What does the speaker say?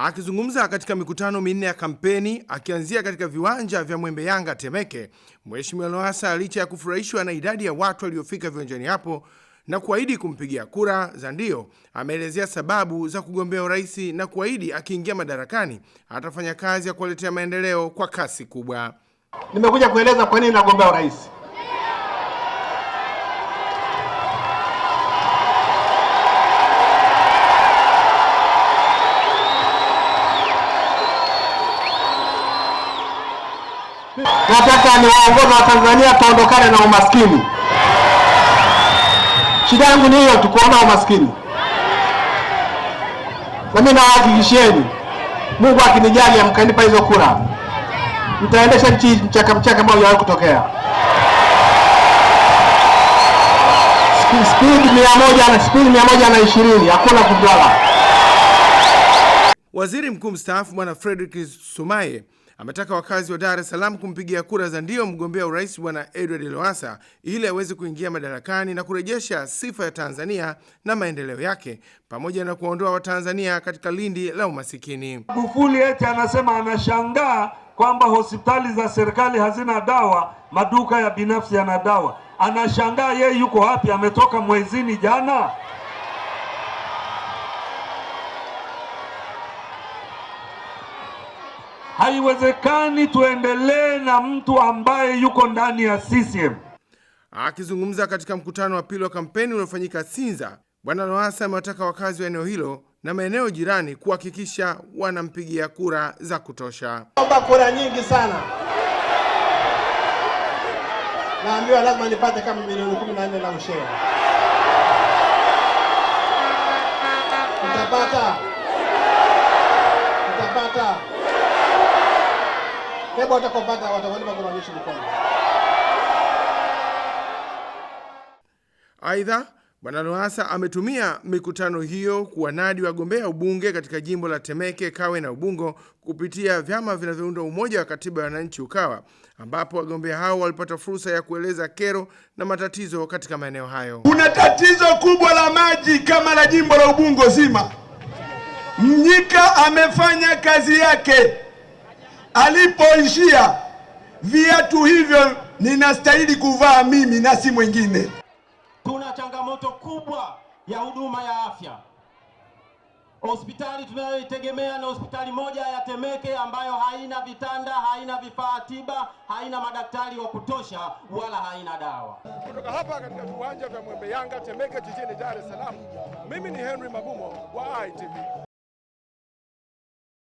Akizungumza katika mikutano minne ya kampeni akianzia katika viwanja vya Mwembe Yanga Temeke, Mheshimiwa Lowassa licha ya kufurahishwa na idadi ya watu waliofika viwanjani hapo na kuahidi kumpigia kura za ndio, ameelezea sababu za kugombea urais na kuahidi akiingia madarakani atafanya kazi ya kuwaletea maendeleo kwa kasi kubwa. Nimekuja kueleza kwa nini nagombea urais. Nataka niwaongoza Watanzania tuondokane na umaskini. Shida yangu ni hiyo, tukuona umaskini. Na mimi nawahakikishieni, Mungu akinijalia, mkanipa hizo kura, mtaendesha nchi mchaka mchaka ambao haujawahi kutokea, spidi mia moja na spidi mia moja na ishirini, hakuna kudwala. Waziri Mkuu mstaafu Bwana Frederick Sumaye ametaka wakazi wa Dar es Salaam kumpigia kura za ndio mgombea urais Bwana Edward Lowassa ili aweze kuingia madarakani na kurejesha sifa ya Tanzania na maendeleo yake pamoja na kuondoa Watanzania katika lindi la umasikini. Magufuli eti anasema anashangaa kwamba hospitali za serikali hazina dawa, maduka ya binafsi yana dawa. Anashangaa yeye yuko wapi? Ametoka mwezini jana. Haiwezekani tuendelee na mtu ambaye yuko ndani ya CCM. Akizungumza katika mkutano wa pili wa kampeni uliofanyika Sinza, Bwana Lowassa amewataka wakazi wa eneo hilo na maeneo jirani kuhakikisha wanampigia kura za kutosha. Naomba kura nyingi sana, naambiwa lazima nipate kama milioni 14 na ushera. Mtapata, mtapata hebu watakopata watakolipa kuna onyesho mkono. Aidha, Bwana Lowassa ametumia mikutano hiyo kuwanadi wagombea ubunge katika jimbo la Temeke, Kawe na Ubungo kupitia vyama vinavyounda Umoja wa Katiba ya Wananchi UKAWA, ambapo wagombea hao walipata fursa ya kueleza kero na matatizo katika maeneo hayo. Kuna tatizo kubwa la maji kama la jimbo la Ubungo zima. Mnyika amefanya kazi yake alipoishia viatu hivyo ninastahili kuvaa mimi na si mwingine. Kuna changamoto kubwa ya huduma ya afya. Hospitali tunayoitegemea na hospitali moja ya Temeke ambayo haina vitanda, haina vifaa tiba, haina madaktari wa kutosha, wala haina dawa. Kutoka hapa katika viwanja vya Mwembe Yanga Temeke, jijini Dar es Salaam, mimi ni Henry mabumo wa ITV.